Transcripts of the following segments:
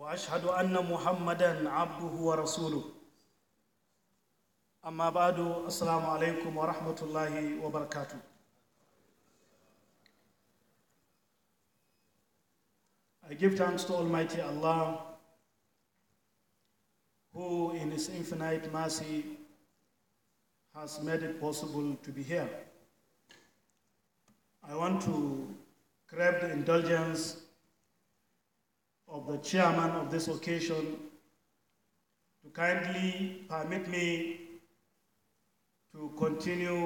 واشهد ان محمدا عبده ورسوله اما بعد السلام عليكم ورحمه الله وبركاته I give thanks to Almighty Allah who in his infinite mercy has made it possible to be here. I want to crave the indulgence of the chairman of this occasion to kindly permit me to continue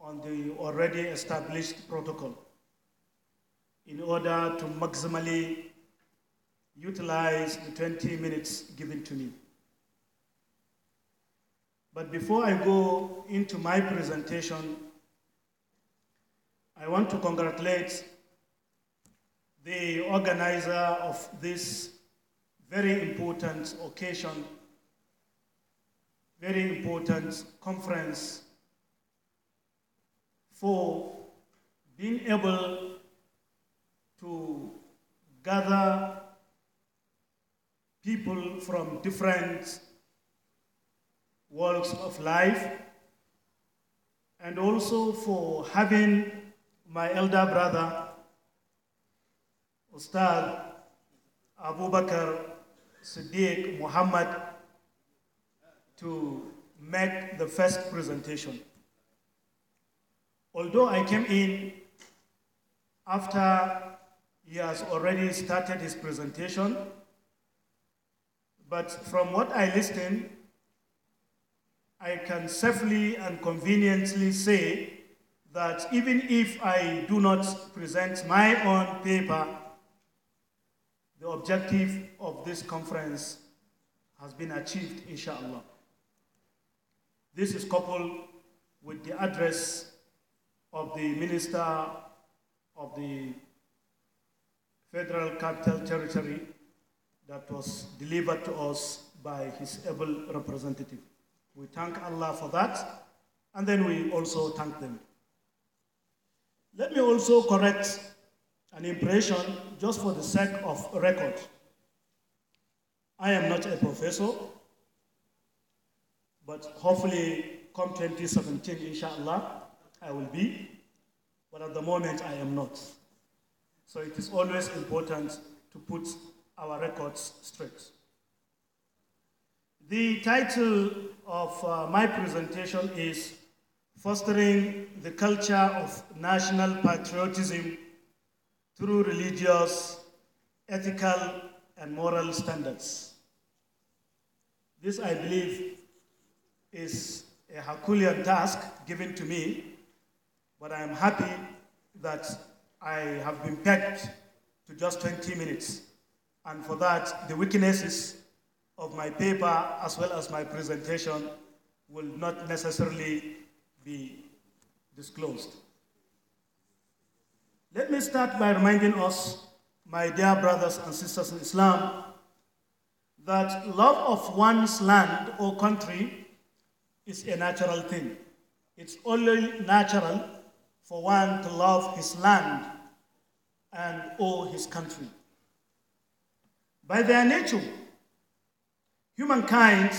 on the already established protocol in order to maximally utilize the 20 minutes given to me. But before I go into my presentation, I want to congratulate the organizer of this very important occasion, very important conference, for being able to gather people from different walks of life and also for having my elder brother Ustad Abu Bakr Siddiq Muhammad to make the first presentation. Although I came in after he has already started his presentation, but from what I listened, I can safely and conveniently say that even if I do not present my own paper the objective of this conference has been achieved, inshallah. This is coupled with the address of the Minister of the Federal Capital Territory that was delivered to us by his able representative. We thank Allah for that, and then we also thank them. Let me also correct an impression just for the sake of record. I am not a professor, but hopefully, come 2017, inshallah, I will be. But at the moment, I am not. So it is always important to put our records straight. The title of uh, my presentation is Fostering the Culture of National Patriotism through religious, ethical, and moral standards. This, I believe, is a Herculean task given to me, but I am happy that I have been pegged to just 20 minutes. And for that, the weaknesses of my paper as well as my presentation will not necessarily be disclosed. Let me start by reminding us, my dear brothers and sisters in Islam, that love of one's land or country is a natural thing. It's only natural for one to love his land and all his country. By their nature, humankind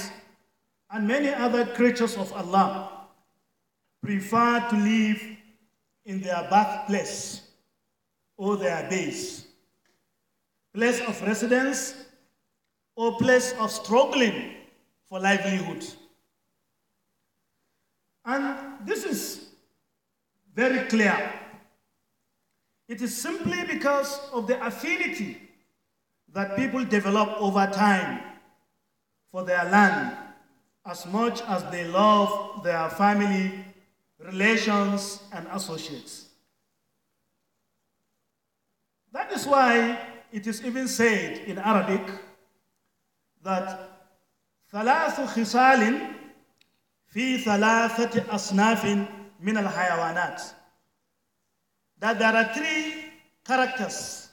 and many other creatures of Allah prefer to live in their birthplace all their days. Place of residence or place of struggling for livelihood. And this is very clear. It is simply because of the affinity that people develop over time for their land as much as they love their family, relations, and associates. That is why it is even said in Arabic that ثلاث خصال في ثلاثة أصناف من الحيوانات that there are three characters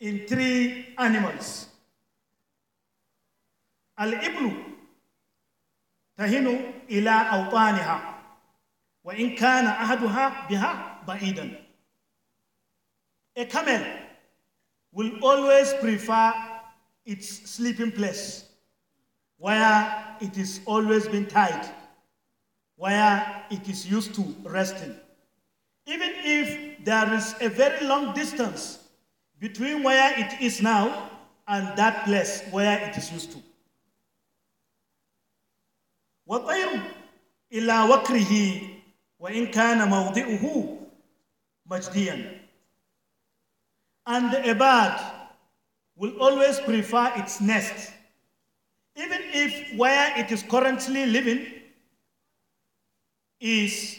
in three animals الإبل تهن إلى أوطانها وإن كان أحدها بها بعيدا a camel will always prefer its sleeping place where it is always been tied, where it is used to resting. Even if there is a very long distance between where it is now and that place where it is used to. والطير إلى وكره وإن كان موضعه مجديا and a bird will always prefer its nest, even if where it is currently living is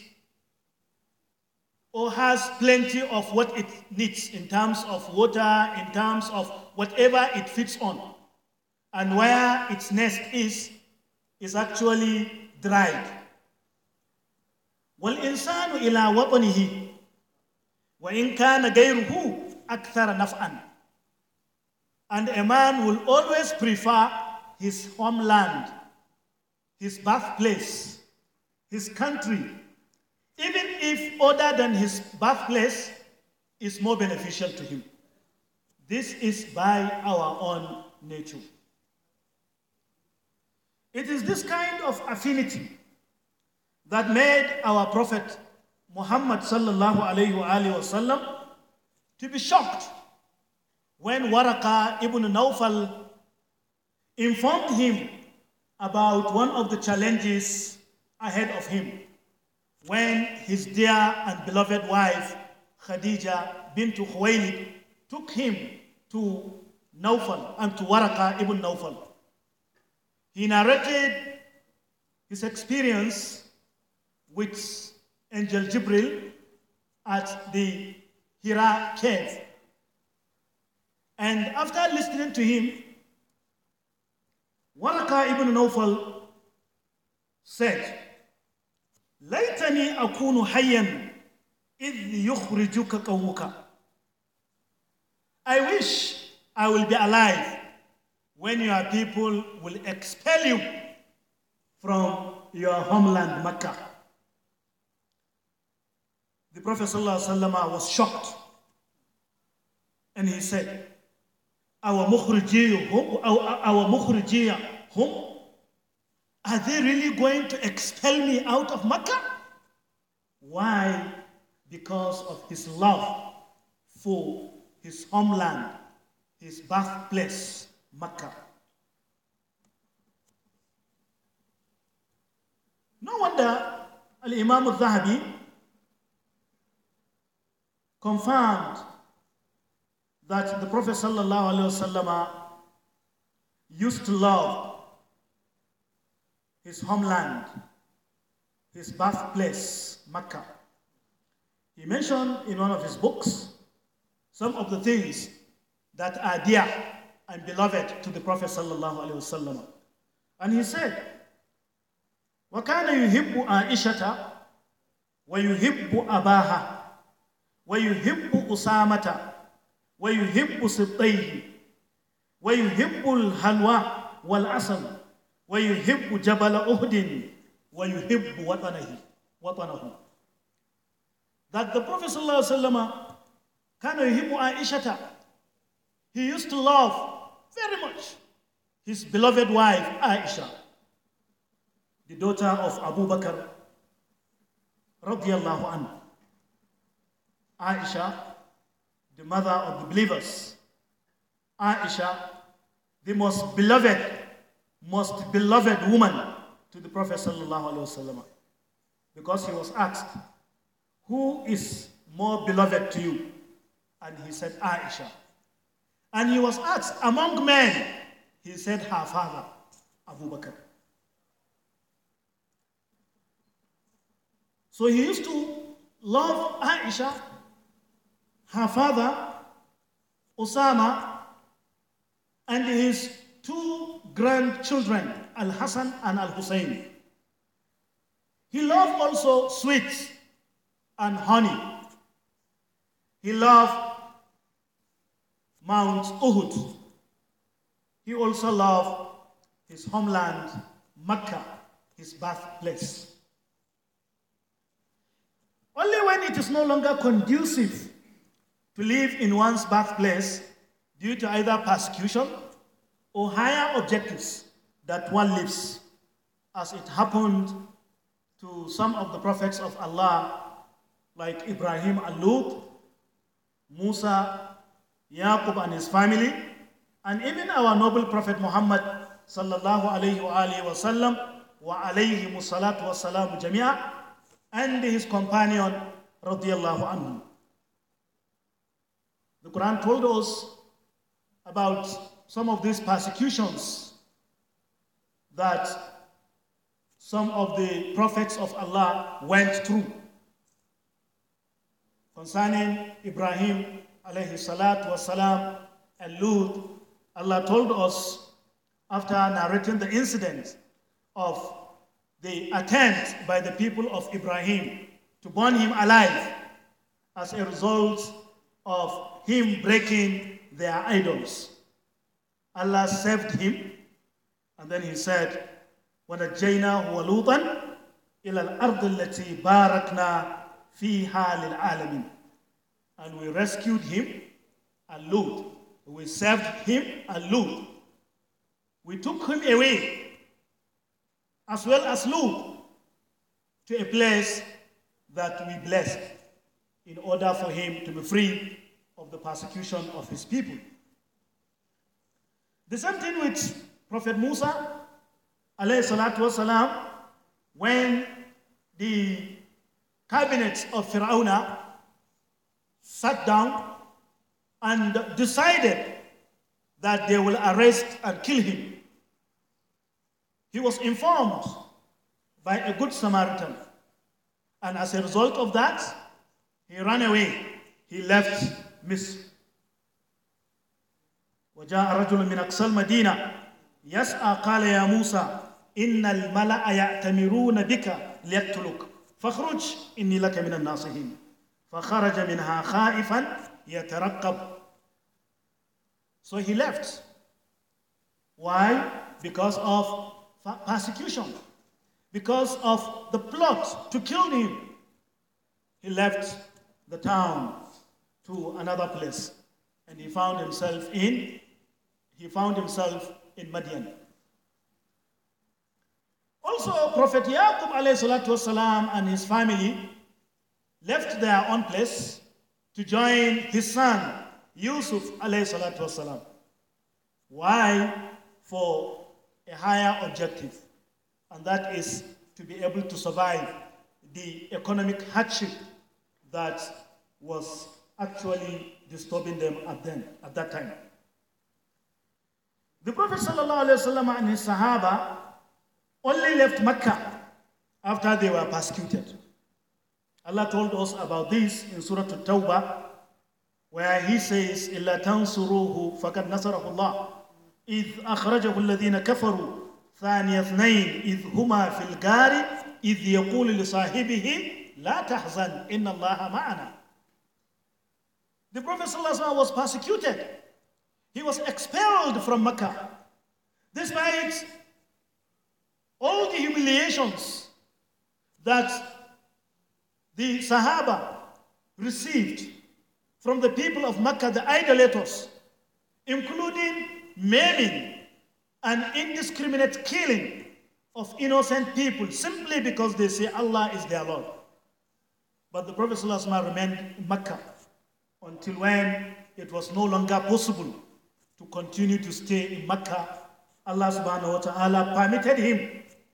or has plenty of what it needs in terms of water, in terms of whatever it fits on. And where its nest is, is actually dried. والإنسان إلى وطنه وإن كان غيره أكثر نفعا and a man will always prefer his homeland his birthplace his country even if other than his birthplace is more beneficial to him this is by our own nature it is this kind of affinity that made our prophet muhammad sallallahu alaihi wasallam to be shocked when Waraka ibn Nawfal informed him about one of the challenges ahead of him when his dear and beloved wife Khadija bint Khuwaylid took him to Nawfal and to Waraka ibn Nawfal. He narrated his experience with Angel Jibril at the Hira cave. And after listening to him, Waraka ibn Nawfal said, ليتني akunu حيا I wish I will be alive when your people will expel you from your homeland Mecca. The Prophet ﷺ was shocked and he said, Our mukhriji, our whom? Are they really going to expel me out of Mecca? Why? Because of his love for his homeland, his birthplace, Mecca. No wonder Al Imam al Zahabi confirmed that the Prophet wasallam used to love his homeland, his birthplace, Mecca. He mentioned in one of his books some of the things that are dear and beloved to the Prophet wasallam, And he said, وَكَانَ يُحِبُّ عَائِشَةَ وَيُحِبُّ أَبَاهَا ويحب أسامة ويحب سبطيه ويحب الحلوى والعسل ويحب جبل أهد ويحب وطنه وطنه that the Prophet صلى الله عليه وسلم كان يحب عائشة he used to love very much his beloved wife Aisha the daughter of Abu Bakr رضي الله عنه Aisha, the mother of the believers. Aisha, the most beloved, most beloved woman to the Prophet wasallam, because he was asked, "Who is more beloved to you?" And he said, "Aisha." And he was asked, "Among men," he said, "Her father, Abu Bakr." So he used to love Aisha her father, Osama, and his two grandchildren, Al Hassan and Al Hussein. He loved also sweets and honey. He loved Mount Uhud. He also loved his homeland, Mecca, his birthplace. Only when it is no longer conducive to live in one's birthplace due to either persecution or higher objectives that one lives, as it happened to some of the prophets of Allah, like Ibrahim and Lut, Musa, Yaqub and his family, and even our noble prophet Muhammad sallallahu alayhi wa sallam wa alayhi salatu wa salamu jami'a and his companion radiyallahu anhu. The Quran told us about some of these persecutions that some of the prophets of Allah went through concerning Ibrahim alayhi salatu wasalam and Lut. Allah told us after narrating the incident of the attempt by the people of Ibrahim to burn him alive as a result of him breaking their idols. Allah saved him, and then he said, ونجيناه ولوطا إلى الأرض التي باركنا فيها للعالمين. And we rescued him and Lut. We saved him and Lut. We took him away, as well as Lut, to a place that we blessed in order for him to be free of the persecution of his people. The same thing with Prophet Musa, والسلام, when the cabinet of Fir'aun sat down and decided that they will arrest and kill him. He was informed by a good Samaritan. And as a result of that, he ran away. He left Misr. وجاء رجل من أقصى المدينة يسعى قال يا موسى إن الملأ يأتمرون بك ليقتلوك فاخرج إني لك من الناصحين فخرج منها خائفا يترقب So he left. Why? Because of persecution. Because of the plot to kill him. He left the town to another place. And he found himself in, he found himself in Madian. Also, Prophet Yaqub wasalam and his family left their own place to join his son Yusuf wasalam. Why? For a higher objective, and that is to be able to survive the economic hardship that was actually disturbing them at then at that time. The Prophet wasallam and his Sahaba only left Mecca after they were persecuted. Allah told us about this in Surah At-Tawbah, where He says, إِلَّا تَنْصُرُوهُ فَقَدْ نَصَرَهُ Allah. إِذْ أَخْرَجَهُ الَّذِينَ كَفَرُوا ثَانِيَ اثْنَيْنِ إِذْ هُمَا فِي الْغَارِ إِذْ يَقُولُ لِصَاحِبِهِ لا تحزن إن الله معنا. The Prophet ﷺ was persecuted. He was expelled from Mecca. Despite all the humiliations that the Sahaba received from the people of Mecca, the idolaters, including maiming and indiscriminate killing of innocent people simply because they say Allah is their Lord. But the Prophet ﷺ remained in Mecca until when it was no longer possible to continue to stay in Mecca. Allah subhanahu wa ta'ala permitted him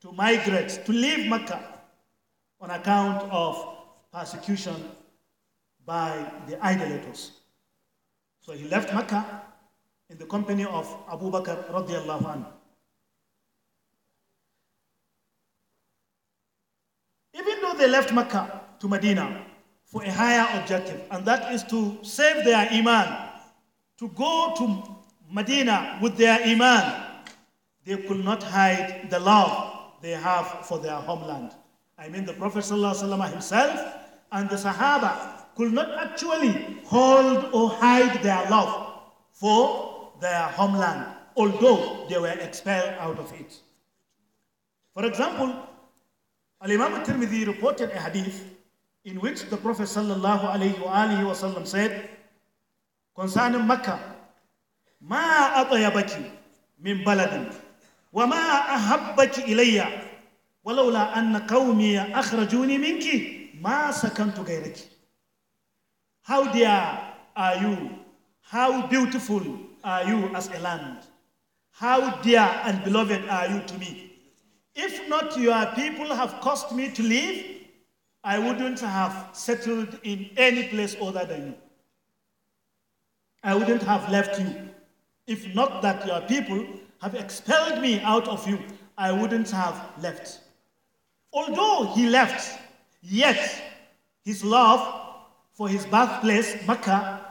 to migrate, to leave Mecca on account of persecution by the idolaters. So he left Mecca in the company of Abu Bakr radiallahu anhu. Even though they left Mecca, to Medina for a higher objective, and that is to save their Iman. To go to Medina with their Iman, they could not hide the love they have for their homeland. I mean, the Prophet ﷺ himself and the Sahaba could not actually hold or hide their love for their homeland, although they were expelled out of it. For example, Al Imam Tirmidhi reported a hadith in which the Prophet sallallahu alayhi said concerning Makkah, Mecca, ما أطيبك من بلد وما أحبك إلي ولولا أن قومي أخرجوني minki ma سكنت غيرك How dear are you? How beautiful are you as a land? How dear and beloved are you to me? If not your people have caused me to leave, I wouldn't have settled in any place other than you. I wouldn't have left you. If not that your people have expelled me out of you, I wouldn't have left. Although he left, yet his love for his birthplace, Mecca,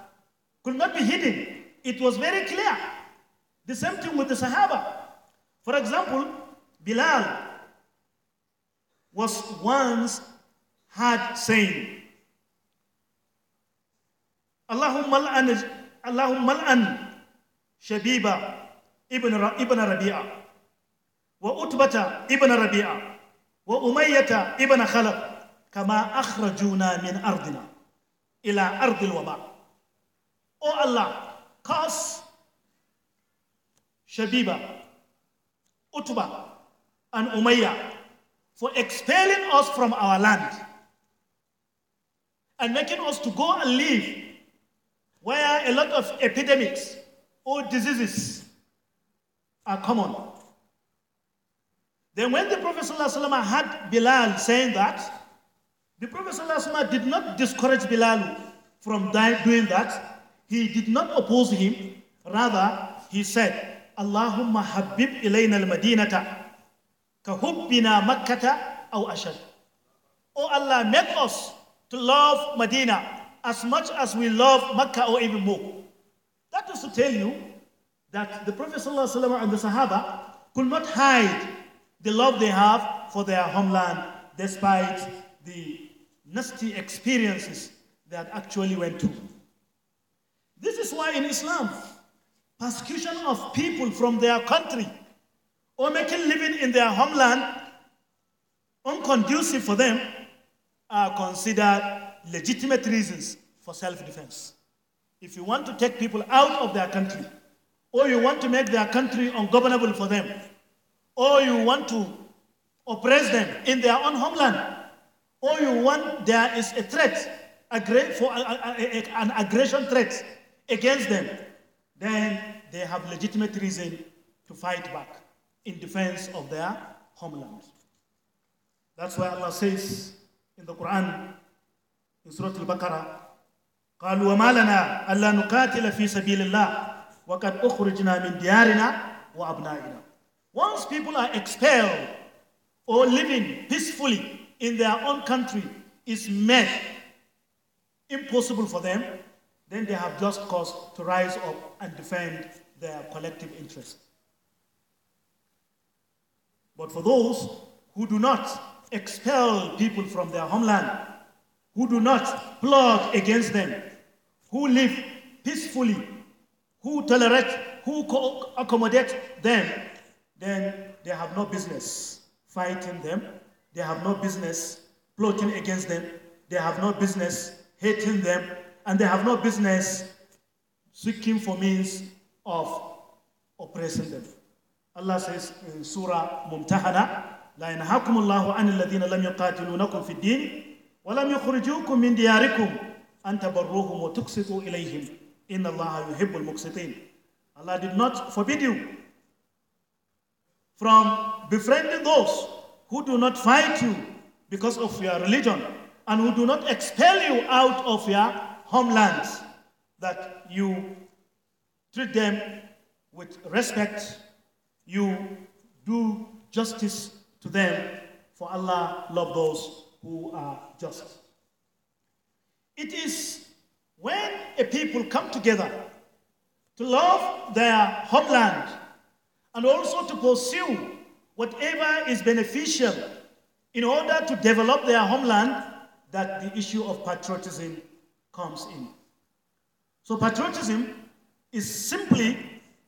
could not be hidden. It was very clear. The same thing with the Sahaba. For example, Bilal was once had saying, Allahumma al-an, Allahumma al-an, Shabiba ibn, ibn Rabi'a, wa Utbata ibn Rabi'a, wa Umayyata ibn Khalaf, kama akhrajuna min ardina, ila ardil waba. O Allah, cause Shabiba, Utba, and Umayyah for expelling us from our land. and making us to go and live where a lot of epidemics or diseases are common. Then, when the Prophet ﷺ had Bilal saying that, the Prophet ﷺ did not discourage Bilal from doing that. He did not oppose him. Rather, he said, Allahumma habib ilayna al-madinata kahubbina makkata aw ashad. Oh Allah, make us to love Medina as much as we love Mecca or even more. That is to tell you that the Prophet ﷺ and the Sahaba could not hide the love they have for their homeland despite the nasty experiences that actually went through. This is why in Islam, persecution of people from their country or making living in their homeland unconducive for them are considered legitimate reasons for self defense. If you want to take people out of their country, or you want to make their country ungovernable for them, or you want to oppress them in their own homeland, or you want there is a threat, a great, for a, a, a, an aggression threat against them, then they have legitimate reason to fight back in defense of their homeland. That's why Allah says, in the Quran, in Surah Al-Baqarah, قالوا وما لنا ألا نقاتل في سبيل الله وقد أخرجنا من ديارنا وأبنائنا Once people are expelled or living peacefully in their own country is made impossible for them, then they have just cause to rise up and defend their collective interest. But for those who do not expel people from their homeland, who do not plot against them, who live peacefully, who tolerate, who accommodate them, then they have no business fighting them. They have no business plotting against them. They have no business hating them. And they have no business seeking for means of oppressing them. Allah says in Surah Mumtahana, لا ينهاكم الله عن الذين لم يقاتلونكم في الدين ولم يخرجوكم من دياركم أن تبروهم وتقسطوا إليهم إن الله يحب المقسطين Allah did not forbid you from befriending those who do not fight you because of your religion and who do not expel you out of your homelands, that you treat them with respect, you do justice to them, for Allah loves those who are just. It is when a people come together to love their homeland and also to pursue whatever is beneficial in order to develop their homeland that the issue of patriotism comes in. So, patriotism is simply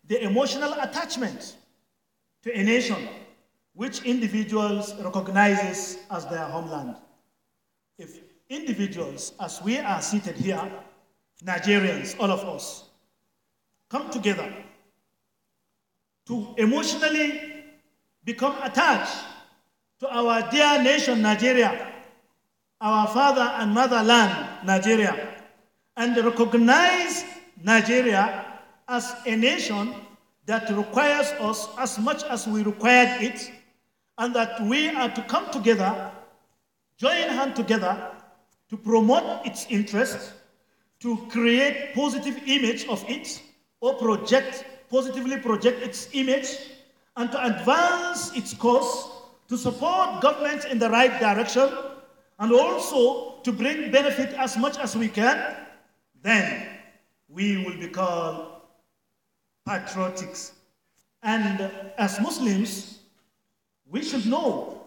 the emotional attachment to a nation which individuals recognizes as their homeland. If individuals, as we are seated here, Nigerians, all of us, come together to emotionally become attached to our dear nation, Nigeria, our father and motherland, Nigeria, and recognize Nigeria as a nation that requires us as much as we required it and that we are to come together, join hand together to promote its interest, to create positive image of it, or project, positively project its image, and to advance its cause, to support governments in the right direction, and also to bring benefit as much as we can, then we will be called patriotics. And as Muslims, we should know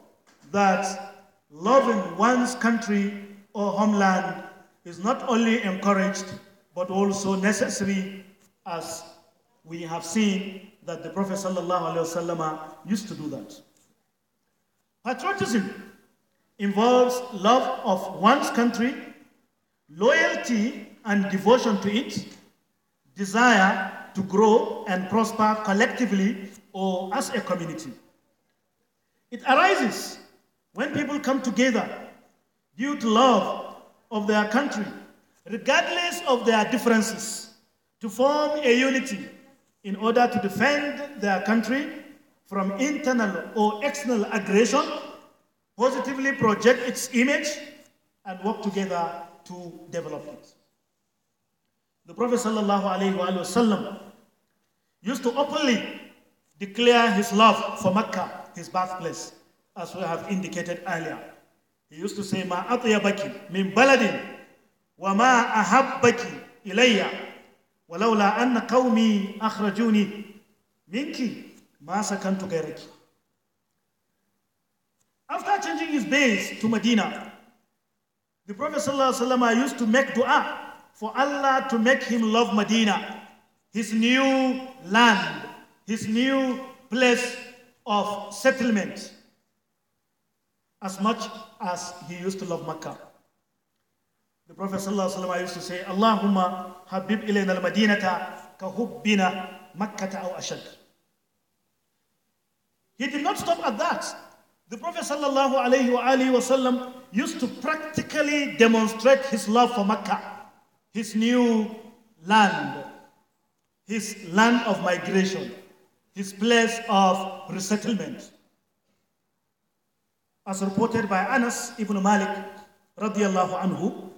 that loving one's country or homeland is not only encouraged but also necessary as we have seen that the Prophet ﷺ used to do that. Patriotism involves love of one's country, loyalty and devotion to it, desire to grow and prosper collectively or as a community. It arises when people come together due to love of their country, regardless of their differences, to form a unity in order to defend their country from internal or external aggression, positively project its image, and work together to develop it. The Prophet ﷺ used to openly declare his love for Mecca his birthplace, as we have indicated earlier. He used to say, Ma atyabaki min baladin wa ma ahabbaki ilayya walaula anna qaumi akhrajuni minki ma sakantu gairaki. After changing his base to Medina, the Prophet ﷺ used to make dua for Allah to make him love Medina, his new land, his new place of settlement as much as he used to love Mecca. The Prophet ﷺ used to say, Allahumma habib ilayna al-madinata ka hubbina makkata aw ashad. He did not stop at that. The Prophet ﷺ used to practically demonstrate his love for Mecca, his new land, his land of migration his place of resettlement. As reported by Anas ibn Malik radiallahu anhu,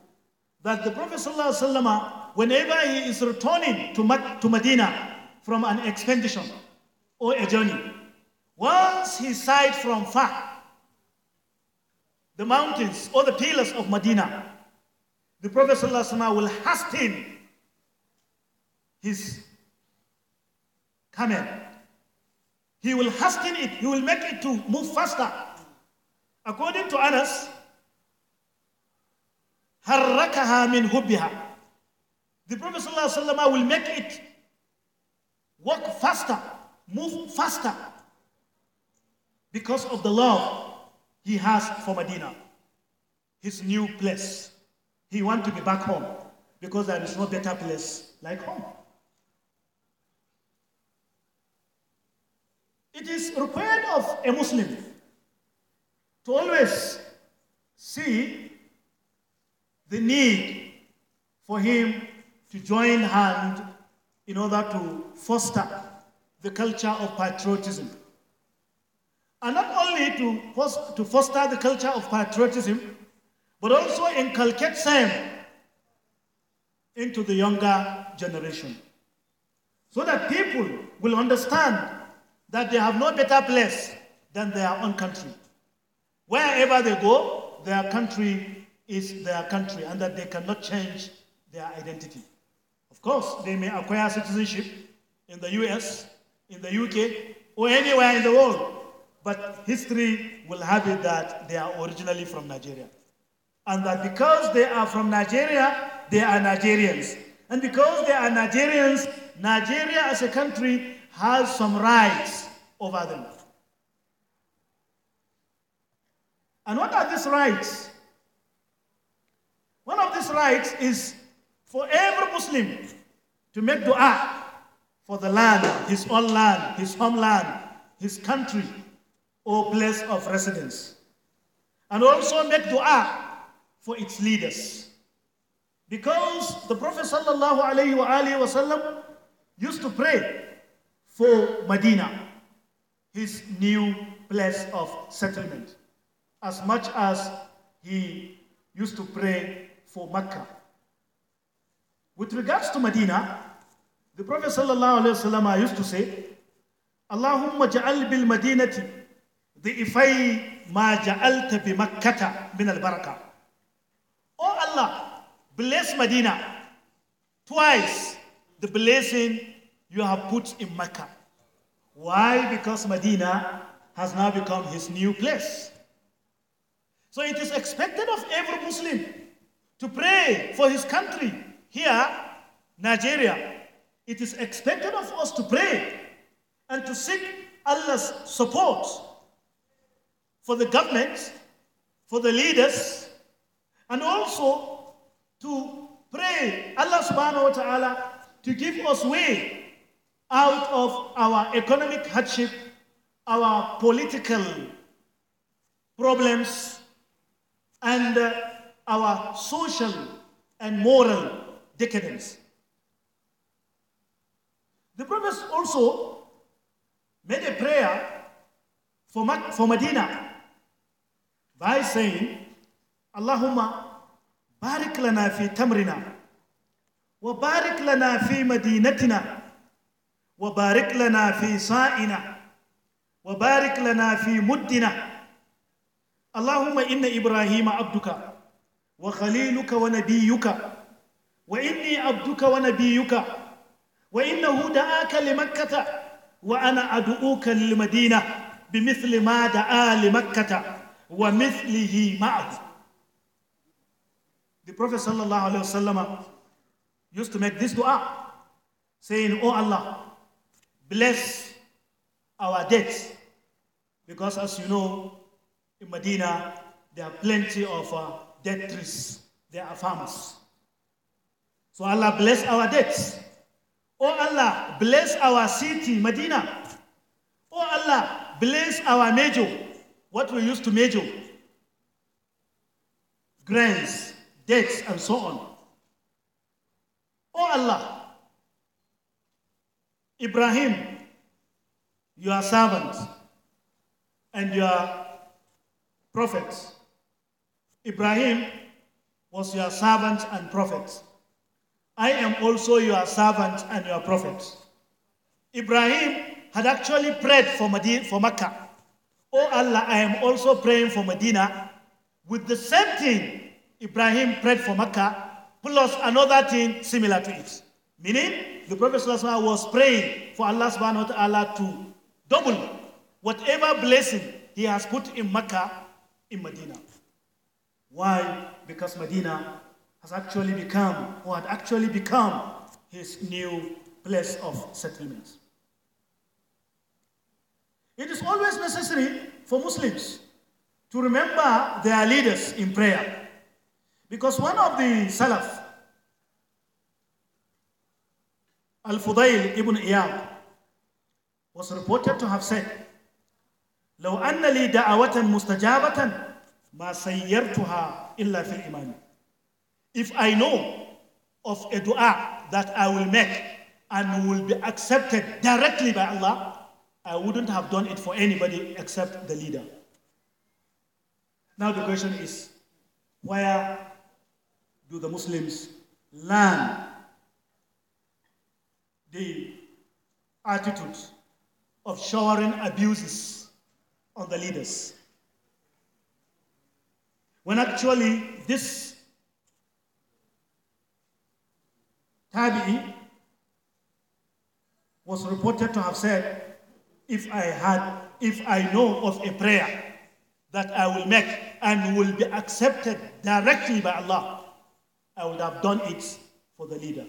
that the Prophet sallallahu whenever he is returning to, Mad- to Medina from an expedition or a journey, once he sight from far the mountains or the pillars of Medina, the Prophet wasallam will hasten his camel he will hasten it, he will make it to move faster. According to Anas, min hubbiha. The Prophet ﷺ will make it work faster, move faster because of the love he has for Medina, his new place. He wants to be back home because there is no better place like home. It is required of a Muslim to always see the need for him to join hand in order to foster the culture of patriotism. And not only to, to foster the culture of patriotism, but also inculcate same into the younger generation so that people will understand that they have no better place than their own country. Wherever they go, their country is their country and that they cannot change their identity. Of course, they may acquire citizenship in the US, in the UK, or anywhere in the world, but history will have it that they are originally from Nigeria. And that because they are from Nigeria, they are Nigerians. And because they are Nigerians, Nigeria as a country has some rights over them. And what are these rights? One of these rights is for every Muslim to make dua for the land, his own land, his homeland, his country, or place of residence. And also make dua for its leaders. Because the Prophet used to pray for Medina, his new place of settlement, as much as he used to pray for Mecca. With regards to Medina, the Prophet ﷺ used to say, Allahumma ja'al bil madinati dhi'ifai ma ja'alta bi makkata min al baraka. Oh Allah, bless Medina twice the blessing you have put in Mecca. Why? Because Medina has now become his new place. So it is expected of every Muslim to pray for his country here, Nigeria. It is expected of us to pray and to seek Allah's support for the government, for the leaders, and also to pray Allah subhanahu wa ta'ala to give us way out of our economic hardship, our political problems, and uh, our social and moral decadence. The Prophet also made a prayer for, Ma- for Medina by saying, Allahumma barik lana fi tamrina wa barik lana fi madinatina وبارك لنا في صائنا وبارك لنا في مدنا اللهم إن إبراهيم عبدك وخليلك ونبيك وإني عبدك ونبيك وإنه دعاك لمكة وأنا أدعوك للمدينة بمثل ما دعا لمكة ومثله معه The Prophet sallallahu alayhi wa sallam used to make this dua saying, O oh Allah, bless our debts. Because, as you know, in Medina, there are plenty of uh, trees, there are farmers. So, Allah bless our debts. Oh Allah, bless our city, Medina. Oh Allah, bless our major, what we used to major, grants, debts, and so on. Oh Allah, Ibrahim, your servant and your prophets. Ibrahim was your servant and prophet. I am also your servant and your prophet. Ibrahim had actually prayed for, Medina, for Makkah. Oh Allah, I am also praying for Medina with the same thing Ibrahim prayed for Makkah plus another thing similar to it. Meaning, the Prophet was praying for Allah subhanahu wa ta'ala to double whatever blessing he has put in Mecca in Medina. Why? Because Medina has actually become, or had actually become, his new place of settlement. It is always necessary for Muslims to remember their leaders in prayer. Because one of the Salaf, Al-Fudayl ibn Iyad was reported to have said, لو أن لي دعوة مستجابة ما سيرتها إلا في الإيمان. If I know of a dua that I will make and will be accepted directly by Allah, I wouldn't have done it for anybody except the leader. Now the question is, where do the Muslims learn the attitude of showering abuses on the leaders. When actually, this Tabi was reported to have said, If I had, if I know of a prayer that I will make and will be accepted directly by Allah, I would have done it for the leader.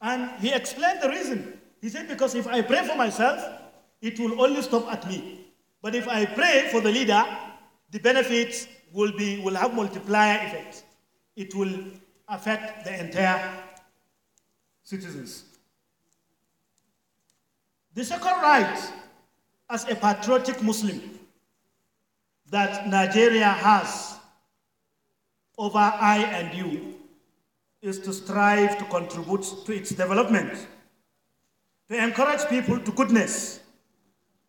And he explained the reason. He said, Because if I pray for myself, it will only stop at me. But if I pray for the leader, the benefits will, be, will have multiplier effects. It will affect the entire citizens. The second right as a patriotic Muslim that Nigeria has over I and you is to strive to contribute to its development, to encourage people to goodness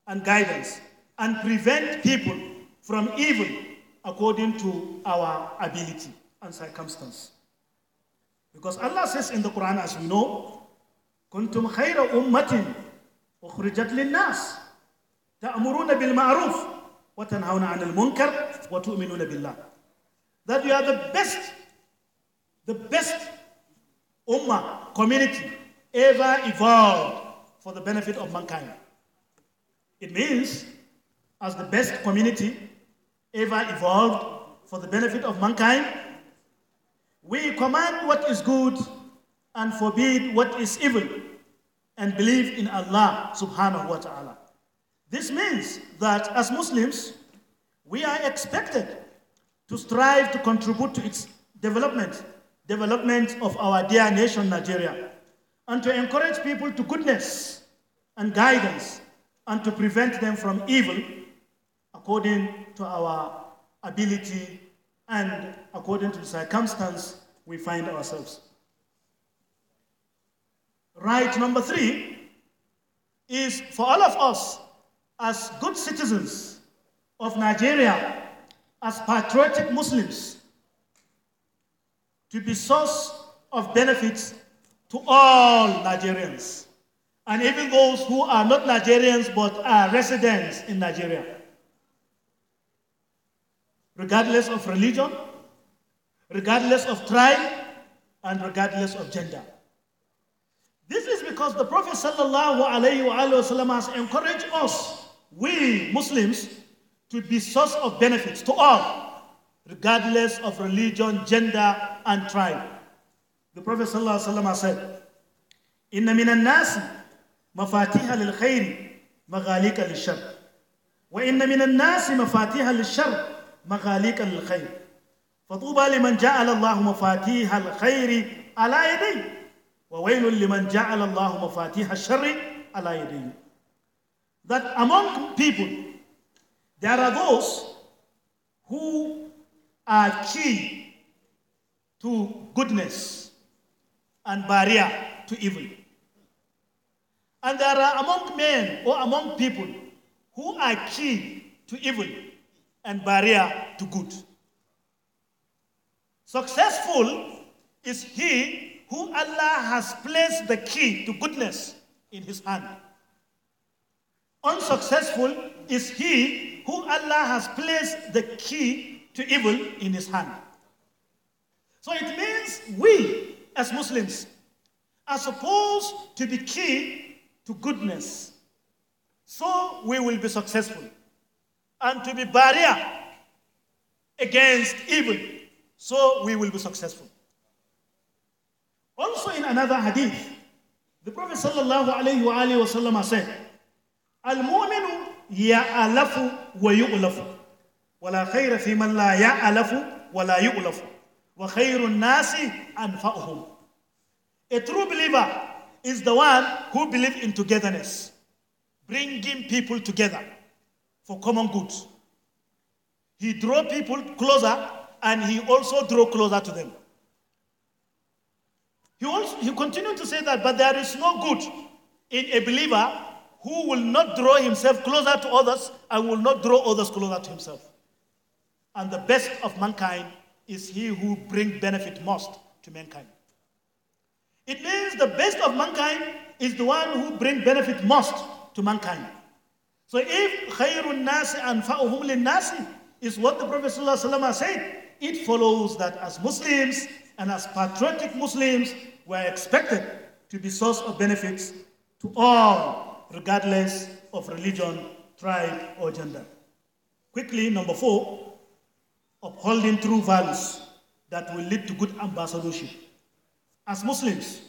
and guidance, and prevent people from evil according to our ability and circumstance. Because Allah says in the Quran, as we know, كنتم خير أمة أخرجت للناس تأمرون بالمعروف وتنهون عن المنكر وتؤمنون بالله. That you are the best the best ummah, community ever evolved for the benefit of mankind. It means, as the best community ever evolved for the benefit of mankind, we command what is good and forbid what is evil and believe in Allah subhanahu wa ta'ala. This means that as Muslims, we are expected to strive to contribute to its development development of our dear nation, Nigeria, and to encourage people to goodness and guidance and to prevent them from evil according to our ability and according to the circumstance we find ourselves. Right number three is for all of us as good citizens of Nigeria, as patriotic Muslims to be source of benefits to all Nigerians, and even those who are not Nigerians but are residents in Nigeria, regardless of religion, regardless of tribe, and regardless of gender. This is because the Prophet wasallam has encouraged us, we Muslims, to be source of benefits to all, regardless of religion, gender, and tribe. The Prophet ﷺ said, Inna minan nasi mafatiha lil khairi maghalika lil shar. Wa inna minan nasi mafatiha lil shar maghalika lil khair. فطوبى لمن al الله مفاتيح الخير على يديه وويل لمن Allah mafatiha مفاتيح shar ala يديه that among people there are those who are key to goodness and barrier to evil. And there are among men or among people who are key to evil and barrier to good. Successful is he who Allah has placed the key to goodness in his hand. Unsuccessful is he who Allah has placed the key to evil in his hand. So it means we, as Muslims, are supposed to be key to goodness. So we will be successful and to be barrier against evil. So we will be successful. Also in another hadith, the Prophet sallallahu alayhi wa alayhi wa sallam said, Al-mu'minu ya'alafu wa yu'lafu. ولا خير في la لا يألف ولا يؤلف وَخَيْرُ النَّاسِ أَنْفَأُهُمْ A true believer is the one who believes in togetherness, bringing people together for common good. He draw people closer and he also draw closer to them. He, also, he continued to say that, but there is no good in a believer who will not draw himself closer to others and will not draw others closer to himself. And the best of mankind is he who brings benefit most to mankind. It means the best of mankind is the one who brings benefit most to mankind. So if khairun nasi anfa'uhum nasi is what the Prophet ﷺ said, it follows that as Muslims and as patriotic Muslims, we are expected to be source of benefits to all, regardless of religion, tribe, or gender. Quickly, number four, upholding true values that will lead to good ambassadorship. As Muslims,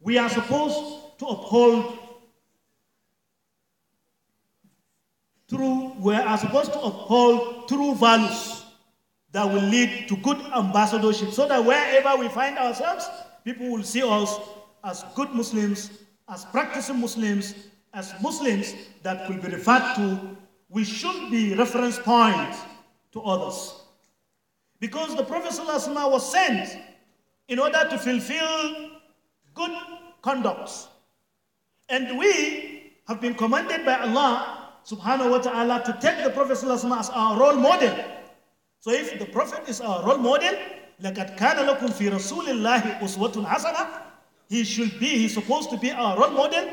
we are supposed to uphold true, we are supposed to uphold true values that will lead to good ambassadorship so that wherever we find ourselves, people will see us as good Muslims, as practicing Muslims, as Muslims that could be referred to. We should be reference points to others. Because the Prophet ﷺ was sent in order to fulfill good conducts. And we have been commanded by Allah subhanahu wa ta'ala to take the Prophet ﷺ as our role model. So if the Prophet is our role model, لَقَدْ كَانَ لَكُمْ فِي رَسُولِ اللَّهِ أُسْوَةٌ حَسَنَةٌ He should be, he's supposed to be our role model.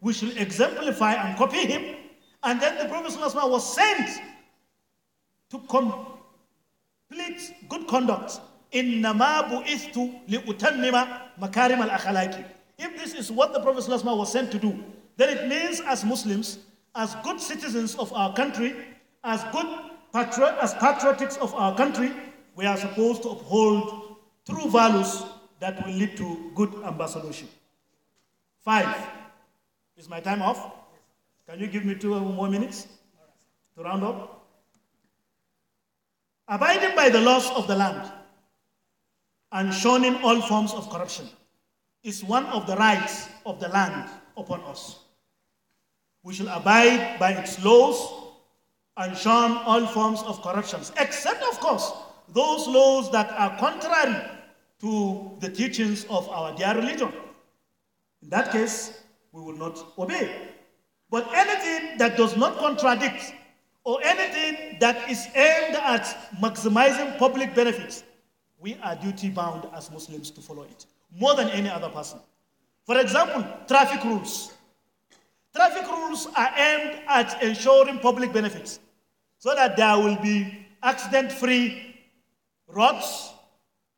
We should exemplify and copy him. And then the Prophet ﷺ was sent to complete good conduct. إِنَّمَا بُئِثْتُ لِأُتَمِّمَ مَكَارِمَ الْأَخْلَاقِ If this is what the Prophet ﷺ was sent to do, then it means as Muslims, as good citizens of our country, as good patri- as patriots of our country, we are supposed to uphold true values that will lead to good ambassadorship. Five. Is my time off? Can you give me two more minutes to round up? abiding by the laws of the land, and shunning all forms of corruption is one of the rights of the land upon us. We shall abide by its laws and shun all forms of corruptions, except, of course, those laws that are contrary to the teachings of our dear religion. In that case, we will not obey. But anything that does not contradict or anything that is aimed at maximizing public benefits, we are duty bound as Muslims to follow it more than any other person. For example, traffic rules. Traffic rules are aimed at ensuring public benefits so that there will be accident free roads,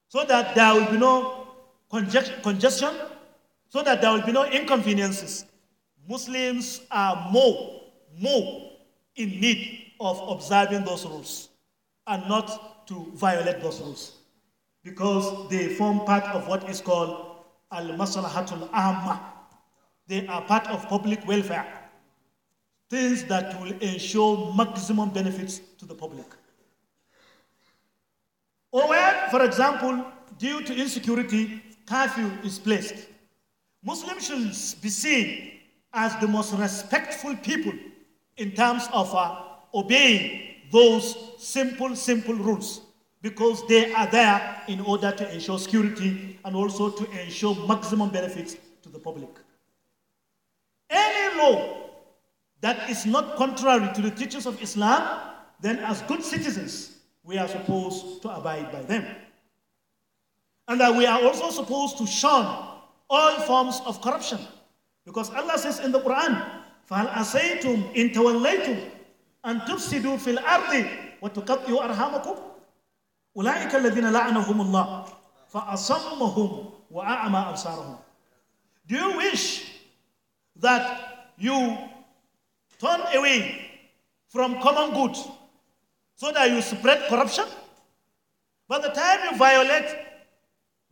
so that there will be no congestion, so that there will be no inconveniences. Muslims are more, more in need of observing those rules and not to violate those rules because they form part of what is called al maslahatul amma. They are part of public welfare, things that will ensure maximum benefits to the public. Or where, for example, due to insecurity, curfew is placed. Muslims should be seen as the most respectful people in terms of uh, obeying those simple, simple rules because they are there in order to ensure security and also to ensure maximum benefits to the public. Any law that is not contrary to the teachings of Islam, then as good citizens, we are supposed to abide by them. And that we are also supposed to shun all forms of corruption. Because Allah says in the Quran, فهل عصيتم إن توليتم أن تفسدوا في الأرض وتقطعوا أرحامكم أولئك الذين لعنهم الله فأصمهم وأعمى أبصارهم Do you wish that you turn away from common good so that you spread corruption? By the time you violate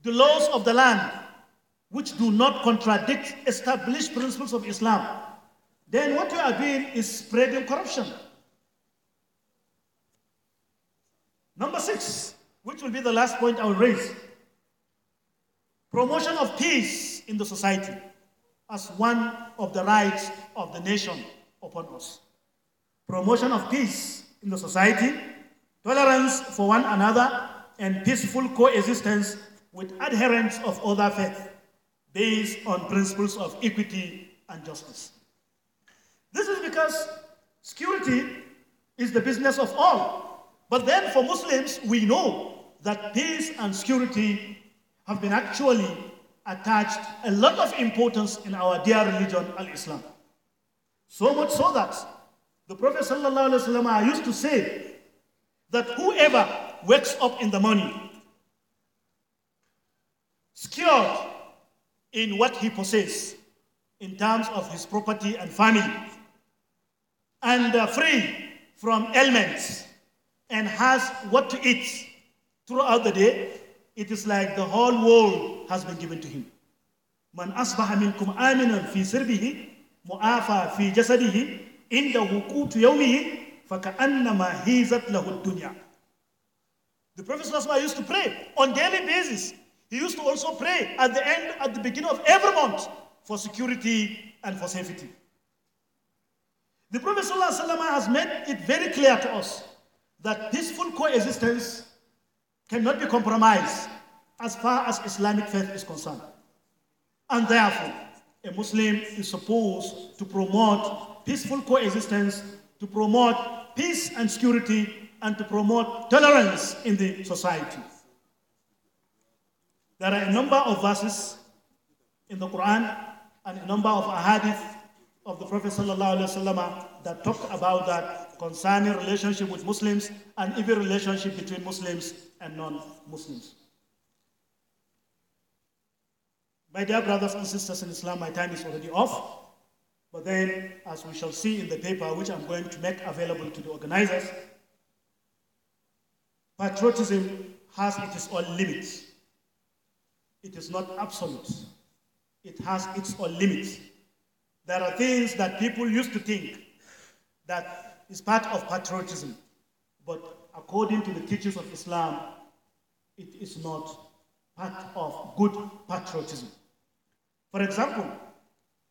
the laws of the land, which do not contradict established principles of Islam, then what you are doing is spreading corruption. Number six, which will be the last point I will raise promotion of peace in the society as one of the rights of the nation upon us. Promotion of peace in the society, tolerance for one another, and peaceful coexistence with adherents of other faiths based on principles of equity and justice. This is because security is the business of all. But then for Muslims, we know that peace and security have been actually attached a lot of importance in our dear religion, Al Islam. So much so that the Prophet ﷺ used to say that whoever wakes up in the morning secured in what he possesses in terms of his property and family and free from ailments and has what to eat throughout the day, it is like the whole world has been given to him. من أصبح منكم آمنا في سربه معافى في جسده يومه فكأنما هيزت له الدنيا. The Prophet ﷺ used to pray on daily basis. He used to also pray at the end, at the beginning of every month for security and for safety. The Prophet ﷺ has made it very clear to us that peaceful coexistence cannot be compromised as far as Islamic faith is concerned. And therefore, a Muslim is supposed to promote peaceful coexistence, to promote peace and security, and to promote tolerance in the society. There are a number of verses in the Quran and a number of ahadith of the Prophet that talked about that concerning relationship with Muslims and even relationship between Muslims and non-Muslims. My dear brothers and sisters in Islam, my time is already off. But then, as we shall see in the paper, which I'm going to make available to the organizers, patriotism has its own limits. It is not absolute. It has its own limits. There are things that people used to think that is part of patriotism, but according to the teachings of Islam, it is not part of good patriotism. For example,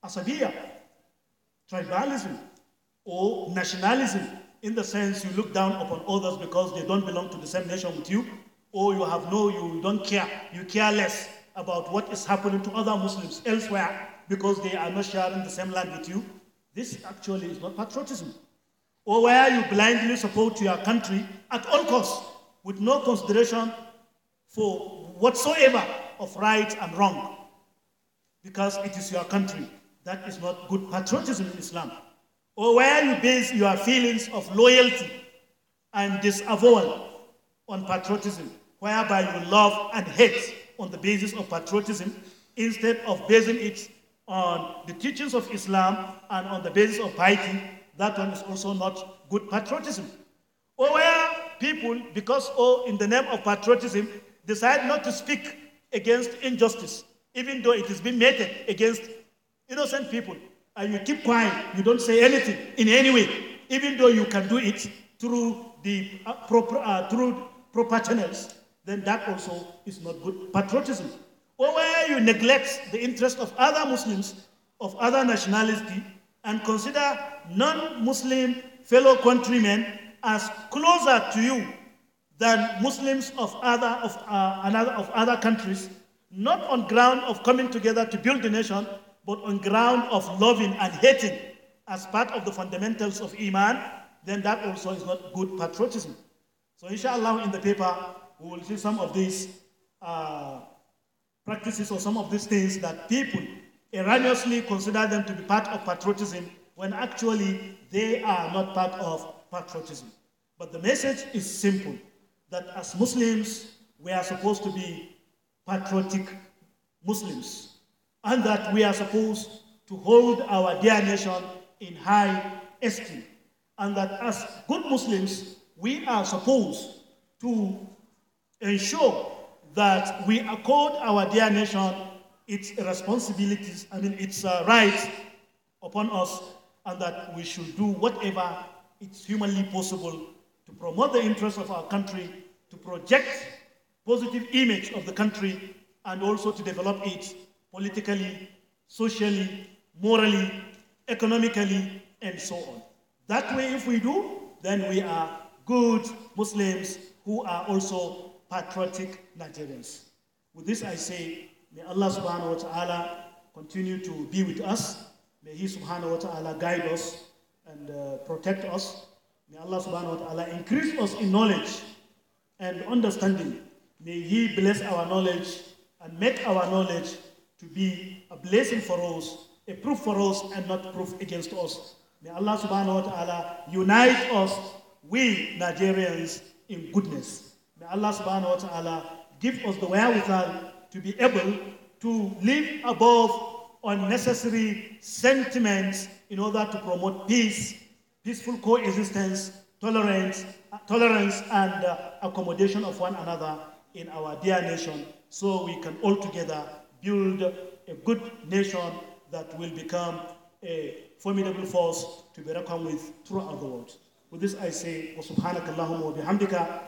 asabiya, tribalism, or nationalism, in the sense you look down upon others because they don't belong to the same nation with you, or you have no, you don't care, you care less about what is happening to other Muslims elsewhere because they are not sharing the same land with you. This actually is not patriotism. Or where you blindly support your country at all costs with no consideration for whatsoever of right and wrong because it is your country. That is not good patriotism in Islam. Or where you base your feelings of loyalty and disavowal on patriotism, whereby you love and hate on the basis of patriotism instead of basing it on the teachings of Islam and on the basis of piety, that one is also not good patriotism. Or where people, because all in the name of patriotism, decide not to speak against injustice, even though it is being meted against innocent people, and you keep quiet, you don't say anything in any way, even though you can do it through the uh, proper, uh, through proper channels, then that also is not good patriotism or where you neglect the interests of other Muslims of other nationality and consider non Muslim fellow countrymen as closer to you than Muslims of other, of, uh, another, of other countries, not on ground of coming together to build the nation, but on ground of loving and hating as part of the fundamentals of Iman, then that also is not good patriotism. So, inshallah, in the paper, we will see some of these uh, practices or some of these things that people erroneously consider them to be part of patriotism when actually they are not part of patriotism. But the message is simple that as Muslims, we are supposed to be patriotic Muslims and that we are supposed to hold our dear nation in high esteem and that as good Muslims, we are supposed to ensure that we accord our dear nation its responsibilities, I mean, its uh, rights upon us, and that we should do whatever it's humanly possible to promote the interests of our country, to project positive image of the country, and also to develop it politically, socially, morally, economically, and so on. That way, if we do, then we are good Muslims who are also patriotic Nigerians. With this, I say, may Allah subhanahu wa ta'ala continue to be with us. May He subhanahu wa ta'ala guide us and uh, protect us. May Allah subhanahu wa ta'ala increase us in knowledge and understanding. May He bless our knowledge and make our knowledge to be a blessing for us, a proof for us, and not proof against us. May Allah subhanahu wa ta'ala unite us, we Nigerians, in goodness. Allah subhanahu wa ta'ala give us the wherewithal to be able to live above unnecessary sentiments in order to promote peace, peaceful coexistence, tolerance, tolerance and uh, accommodation of one another in our dear nation so we can all together build a good nation that will become a formidable force to be reckoned with throughout the world. With this I say, وَسُبْحَانَكَ اللَّهُمَّ وَبِحَمْدِكَ